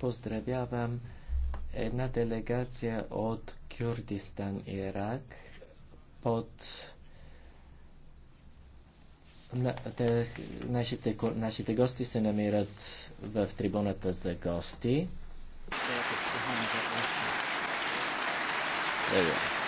Поздравявам една делегация от Кюрдистан, Ирак, под на, те, нашите, нашите гости се намират в трибуната за гости. There е, е.